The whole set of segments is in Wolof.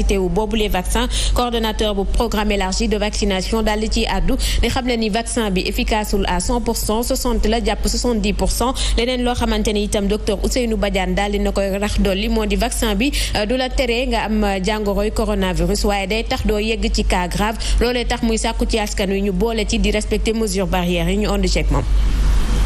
efficacité wu boobu les vaccins coordonnateur bu programme élargi de vaccination daal di ciy àddu di xam ne ni vaccin bi efficace wul à 100 pour cent 60 la jàpp 70 pour cent leneen loo xamante ni itam docteur Ousseynou Badiane daal di na koy rax dolli moo di vaccin bi euh, du la tere nga am euh, jàngoroy coronavirus waaye day tax doo yegg ci cas grave loolee tax muy sàkku ci askan wi ñu boole ci di respecter mesures barrières yi ñu ond ceeg moom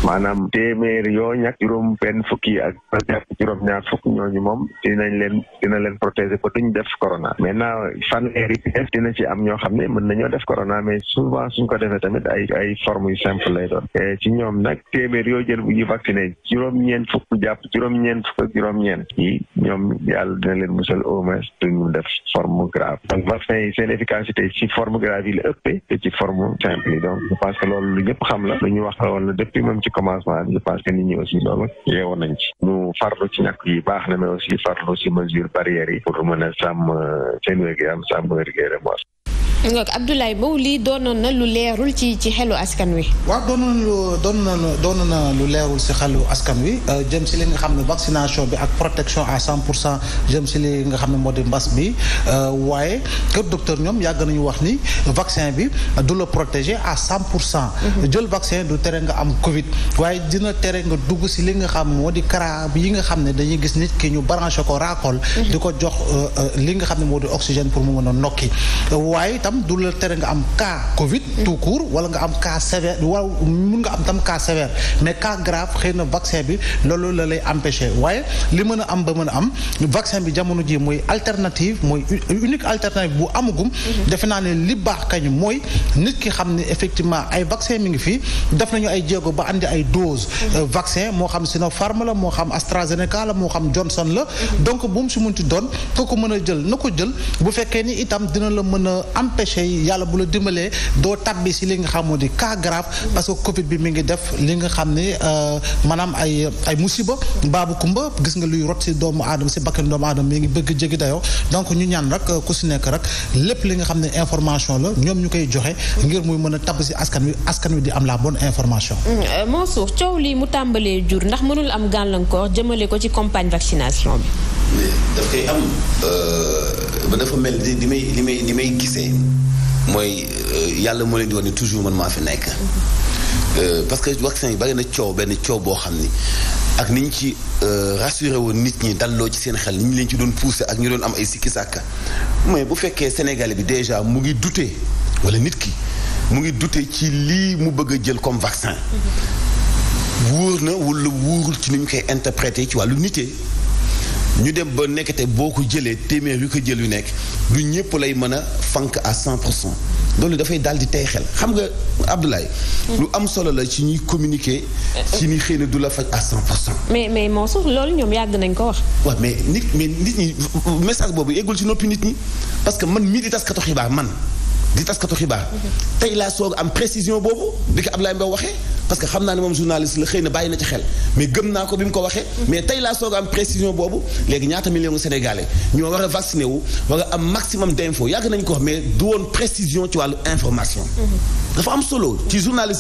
maanaam téeméer yoo ñàkk juróom benn fukki ak jàpp juróom ñaar fukk ñooñu moom dinañ leen dina leen protéger ba duñ def corona maintenant fanweer yi def dina ci am ñoo xam ne mën nañoo def corona mais souvent suñ ko defee tamit ay ay yu simple lay doon ci ñoom nag téeméer yoo jël bu ñu vacciné juróom ñeen fukk jàpp juróom ñeen fukk ak juróom-ñeent yi ñoom yàlla dina leen musal au moins duñu def forme grave donc vaccin yi seen efficacité ci forme grave yi la ëpp te ci forme simple yi donc je pense que loolu lu xam la ñu wax depuis même ci commencement je pense que nit ñi aussi loolu yeewoon nañ ci ñu farlu ci ñàkk yi baax na mais aussi farlu ci mesure barrières yi pour mën a sàmm euh, seen am gu yaram sàmm wér gu ngoog Abdoulaye Mbow lii doonoon na lu leerul ci ci xelu askan wi. waaw doonoon doon na doon na lu leerul si xelu askan wi euh, jëm si li nga xam ne vaccination bi ak protection à 100 pour cent jëm si nga xam ne moo di mbas bi euh, waaye kër docteur ñoom yàgg nañu wax ni vaccin bi du la protéger à 100 cent. Mm-hmm. jël vaccin du tere nga am Covid waaye dina tere nga dugg si li nga xam moo di bi yi nga xam ne dañuy gis nit ki ñu branché ko raakool. Mm-hmm. di ko jox euh, li nga xam ne moo di oxygène pour mu mën a nokki waaye itam tam du la tere nga am cas Covid. tout court wala nga am cas sévère wala mun nga am tam cas sévère mais cas grave xëy na vaccin bi loolu la lay empêcher waaye li mën a am ba mën a am vaccin bi jamono ji mooy alternative mooy unique alternative bu amagum. Mhm. defe naa ne li baax kañ mooy nit ki xam ne effectivement ay vaccin mi ngi fi def nañu ay jéego ba andi ay dose mhm. euh, vaccin moo xam Sinopharm la moo xam AstraZeneca la moo xam Johnson la. Mhm. donc bu mu si munti doon la mën a empêcher empêché yi yàlla bu la dimbalee doo tabbi si li nga xam moo di cas grave parce que Covid bi mi ngi def li nga xam ne euh, maanaam ay ay musiba baabu kumba gis nga luy rot si doomu aadama si bakkan doomu aadama mi ngi bëgg jéggi dayoo donc ñu ñaan rek euh, ku si nekk rek lépp li nga xam ne information la ñoom ñu koy joxe ngir muy mën a tabb si askan wi askan wi di am la bon information. Mm, euh, Mansour coow lii mu tàmbalee jur ndax mënul am gàllankoor jëmale ko ci campagne vaccination daf koy am euh, ba dafa mel li may li may li may gisee mooy euh, yàlla moo leen di wax ne toujours man maa fi nekk euh, parce que vaccin yi bari na coow benn coow boo xam ni ak ni ñu ci rassuré woon nit ñi dalloo ci seen xel ni ñu leen ci doon poussé ak ñu doon am ay sikki sàkka mais bu fekkee Sénégalais bi déjà mu ngi dute wala nit ki mu ngi dute ci lii mu bëgg a jël comme vaccin mm-hmm. wóor na wala wóorul ci ni ñu koy interprété ci wàllu nitee ñu dem ba nekkate boo ko jëlee téeméer yu ko jël yu nekk lu ñëpp lay mën a fank à 100 pour loolu dafay daal di tey xel xam nga Abdoulaye. Hmm. lu am solo la ci ñuy communiquer. ci ni xëy na du la faj à 100 pour cent. mais mais Mansour loolu ñoom yàgg nañ ko wax. waa mais nit mais nit ñi message boobu eggul ci noppi nit ñi parce que man mii di taskatu xibaar man di taskatu xibaar. Mhm. tey laa soog am précision boobu di ko Abdoulaye Mbow waxee. parce que xam naa ne moom journaliste la xëy na bàyyi na ci xel mais gëm naa ko bi mu ko waxee. mais tey laa soog am précision boobu léegi ñaata millions sénégalais ñoo war a vacciné wu am maximum d' info yàgg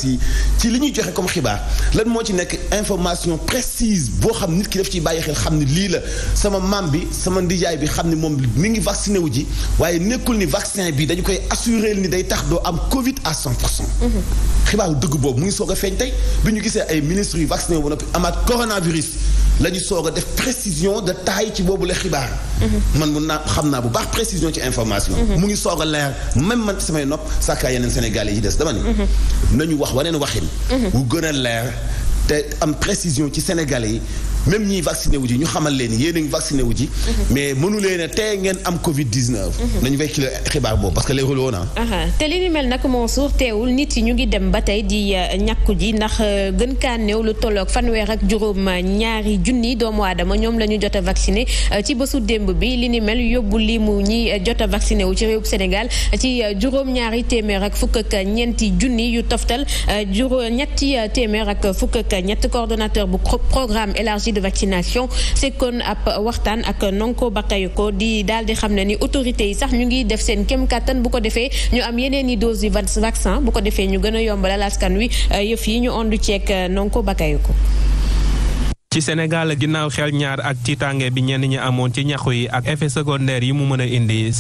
yi ci li ñuy joxe comme xibaar lan moo ci nekk information précise boo xam nit ki daf ciy bàyyi xel xam ni lii la sama maam bi sama ndijaay bi xam ni moom mi ngi vacciné wu ji waaye nekkul ni vaccin bi dañu koy assuré ni day tax doo am Covid. à 100 pour cent. xibaaru dëgg boobu mu ngi soog a feeñ tey bi ñu gisee ay ministre yu vacciné ba noppi amaat coronavirus la ñu soog a def précision de taille ci boobu la xibaar. man mun naa xam naa bu baax précision ci information. mu ngi soog a leer même man samay nopp sàkkaa yeneen Sénégalais yi des dama ni. nañu wax waneen waxin. wu gën a leer te am précision ci Sénégalais yi. même ñiy vacciné wu ji ñu xamal leen yéen a ngi vacciné wu ji. mais mënu leen a tey ngeen am Covid 19. nañu fekk xibaar boobu parce que léegi loolu ah. te li ni mel nag Mansour teewul nit yi ñu ngi dem ba tey di euh, ñàkku ji ndax euh, gën kaa néew lu tolloog fanweer ak juróom ñaari junni doomu aadama ñoom la ñu jot a vacciné euh, ci bésu démb bi li ni mel yóbbu lii mu ñi jot a vacciné wu ci réewum Sénégal ci juróom ñaari téeméer ak fukk ak ñeenti junni yu toftal juróom ñetti téeméer ak fukk ak ñett de vaccination sekkoon ab waxtaan ak Nonko Bakayoko di daal di xam ne ni autorité yi sax ñu ngi def seen kem kàttan bu ko defee ñu am yeneen i dose yu vaccin bu ko defee ñu gën a yombalal askan wi euh, yëf yi ñu ondu ceek euh, Nonko Bakayoko ci Sénégal ginnaaw xel ñaar ak tiitaange bi ñenn ñi amoon ci ñaxu yi ak effet secondaire yi mu mën a indi